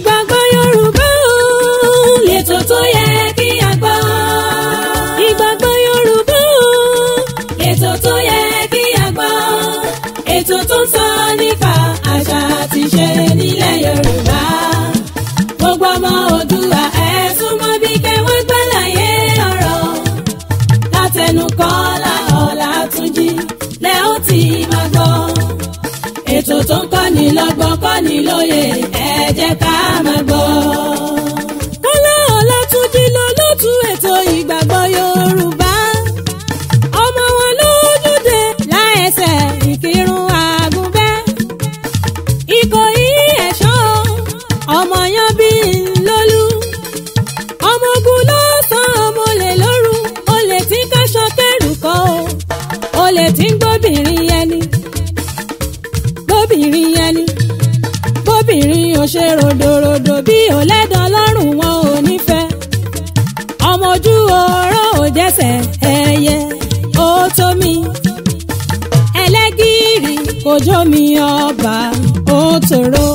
ìgbàgbọ́ Yorùbá ó lètò tó yẹ kí a gbọ́. ìgbàgbọ́ Yorùbá ó lètò tó yẹ kí a gbọ́. ètò tó ń sọ nípa àṣà àti ìṣe nílẹ̀ Yorùbá gbogbo ọmọ Oòduà. ètò tó ń kọ́ni lọ́gbọ́n kọ́ni lóye ẹ jẹ́ ká máa gbọ́. kọ́lá ọ̀la tún dín lọ́lọ́. bóbìnrin ẹni bóbìnrin ò ṣe ròdòròdò bí ò lẹ́dọ̀ lọ́rùn wọn ò ní fẹ́ ọmọ ojú ọ̀rọ̀ ò jẹ́sẹ̀ ẹyẹ ó tó mi ẹlẹ́gìrì kò jó mi ọba ó tòrò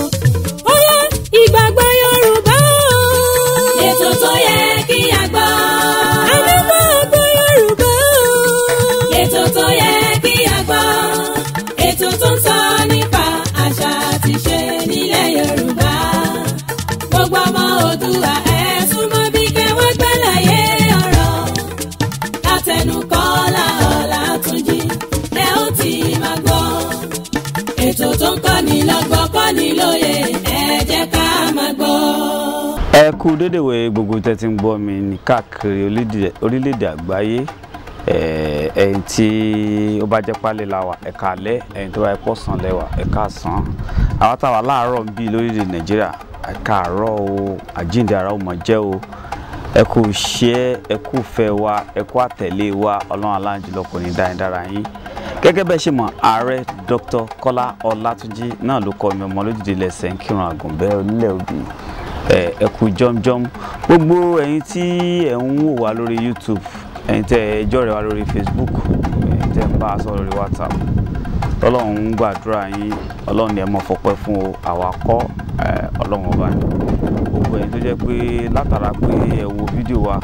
ó yẹ ìgbàgbọ́ Yorùbá. ètò tó yẹ kí a lóye ẹ jẹ́ ká máa gbọ́. ẹ kú dédèwé gbogbo tẹ́tí ń gbọ́ mi ní káàkiri orílẹ̀-èdè àgbáyé ẹ̀yin tí ó bá jẹ́ pálẹ̀ la wà ẹ̀ka alẹ́ ẹ̀yin tó bá yẹ pọ̀ lẹ́wà ẹ̀ka sàn àwọn táwa láàárọ̀ ń bí lórílẹ̀ nàìjíríà ẹ̀ka àárọ̀ o àjíǹde ara ó mọ̀ jẹ́ o ẹ kú ṣe ẹ kú fẹ́ wa ẹ kú àtẹ̀lé wa ọlọ́run aláǹjẹ́ lọ́kùnrin dáadáa yín gẹ́gẹ́ bẹ́ẹ̀ ṣe mọ̀ ààrẹ Dr. Kọ́lá Ọlátúnjí náà ló kọ mi ọmọ lójúde ilẹ̀ sẹ́ńkìrún àgùnbẹ́ onílẹ̀ òbí ẹ kú jọmjọm gbogbo ẹ̀yin tí ẹ̀ ń wò wá lórí YouTube ẹ̀yin tẹ́ ẹ jọ̀rẹ̀ wá lórí Facebook ẹ̀yin tẹ́ ẹ ń bá a sọ̀rọ̀ lórí WhatsApp tọ́lọ́run ń gbàdúrà yín ọlọ́run ni ẹ mọ̀ fọpẹ́ fún o àwa kọ́ ọlọ́run ọba ni gbogbo ẹ̀yin tó jẹ́ pé látara pé ẹ wo fídíò wa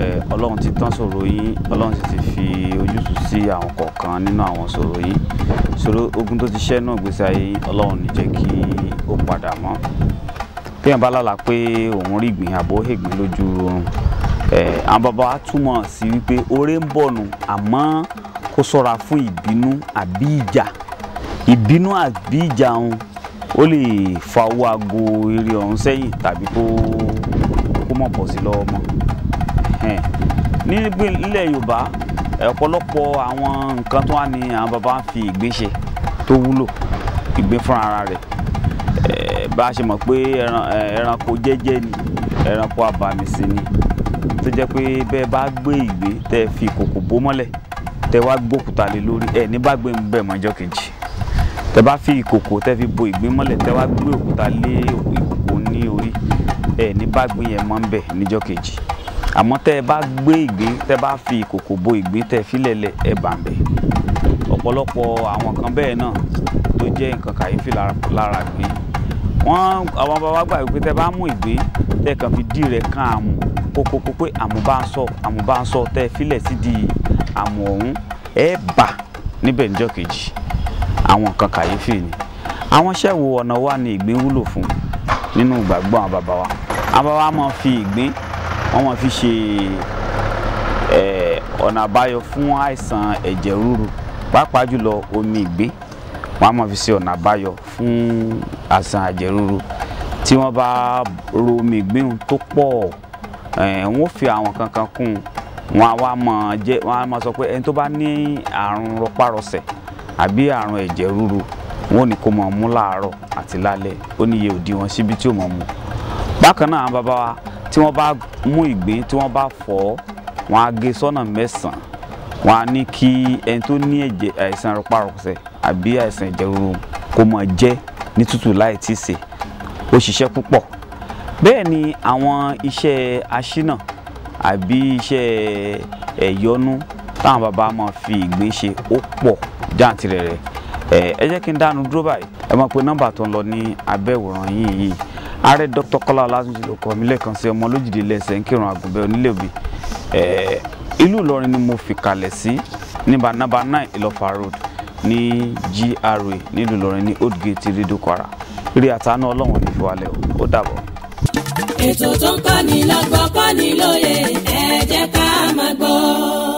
Eh, ọlọ́run ti tán sọ̀rọ̀ yín ọlọ́run sì ti fi ojútùú sí àwọn kọ̀ọ̀kan nínú àwọn sọ̀rọ̀ yín sọ̀rọ̀ ogun tó ti ṣẹ́ náà gbèsè ayé ọlọ́run ní jẹ́ kí ó padà mọ́ téèyàn bá lálàá pé òun rí ìgbìn àbò ègbìn lójú oorun eh, àwọn bàbá wa túmọ̀ sí wípé oore ń bọ̀ nù àmọ́ kó ṣọ́ra fún ìbínú àbí ìjà ìbínú àbí ìjà òun ó lè fa owó aago eré ọ̀hún sẹ́yìn tàbí kó kó mọ̀ bọ̀ sí lọ́wọ́ mọ́ nílẹ̀ yorùbá ọ̀pọ̀lọpọ̀ àwọn nǹkan tó wà ní àwọn baba ń fi ìgbín ṣe tó wúlò ìgbín fúnra ara rẹ̀ bá a ṣe mọ̀ pé ẹranko jẹ́jẹ́ ni ẹranko abàmìsìn ni tó jẹ́ pé bẹ́ẹ̀ bá gbé ìgbín tẹ́ fi kòkò bó mọ́lẹ̀ tẹ́ wá gbókùtà lé lórí ẹ̀ ní bá gbé ń mọ́jọ́ kejì tẹ́ bá fi ìkòkò tẹ́ fi bo ìgbín mọ́lẹ̀ tẹ́ wá gbé òkúta lé ìkòkò ní orí ẹ̀ ní bá gbé yẹn mọ́ ń bẹ̀ níjọ́ kejì àmọ́ tẹ́ ẹ bá gbé ìgbín tẹ́ ẹ bá fi ìkòkò bo ìgbín tẹ́ ẹ filẹ̀lẹ̀ ẹ bàǹbẹ̀ ọ̀pọ̀lọpọ̀ àwọn kan bẹ́ẹ̀ náà tó jẹ́ nǹkan kàyéfì lára gbìn wọ́n àwọn bàbá gbà wípé tẹ́ bá mú ìgbín tẹ́ kàn fi dí rẹ̀ kan àmù kókókó pé àmù bá tẹ́ filẹ̀ sí di àmù ọ̀hún ẹ bà níbẹ̀ níjọ́ kejì àwọn nǹkan kàyéfì ni àwọn iṣẹ́ wo ọ̀nà wa ni ìgbín wúlò fún nínú ìgbàgbọ́ àwọn bàbá wa àwọn bàbá wa máa fi ìgbín wọ́n máa fi ṣe ọ̀nà àbáyọ fún àìsàn ẹ̀jẹ̀ ríru pàápàá jùlọ omi ìgbé wọ́n á máa fi ṣe ọ̀nà àbáyọ fún àìsàn ẹ̀jẹ̀ ríru tí wọ́n bá ro omi ìgbéhùn tó pọ̀ wọ́n fi àwọn kankan kún wọn á wá mọ̀ jẹ́ wọ́n á máa sọ pé ẹni tó bá ní àrùn rọpárọsẹ̀ àbí àrùn ẹ̀jẹ̀ ríru wọn ò ní kó máa mú láàárọ̀ àti lálẹ́ ó níye òdiwọ̀n síbi tí ò máa mú bákan náà àwọn bàbá wa tí wọ́n bá mú ìgbín tí wọ́n bá fọ́ wọ́n á gé sọ́nà mẹ́sàn-án wọ́n á ní kí ẹni tó ní ẹ̀jẹ̀ àìsàn rọpárọsẹ̀ àbí àìsàn ẹ̀jẹ̀ ríru kó máa jẹ ní tútù láì tí ì ó ṣiṣẹ́ púpọ̀ bẹ́ẹ̀ ni àwọn iṣẹ́ aṣínà àbí iṣẹ́ ẹ̀yọnú táwọn bàbá máa fi ìgbín ṣe ó pọ̀ jáǹtirẹ̀ ẹ jẹ́ kí n dánu dúró báyìí ẹ máa pe nọ́mbà tó ń lọ ní abẹ́ ìwòran ààrẹ dr kọlá ọlásùnjì ló kọ mi lẹ́ẹ̀kan sí ọmọ olójìdílẹ́sẹ̀ ń kírun àgùnbẹ́ onílẹ̀bí ìlú ìlọrin ni mo fìkàlẹ̀ sí níbà nàbà nine ìlọ́fà road ní gra nílùú ìlọrin ní old gate rido kwara rí àtàánú ọlọ́wọ̀n ní ó lóye ẹ máa gbọ́.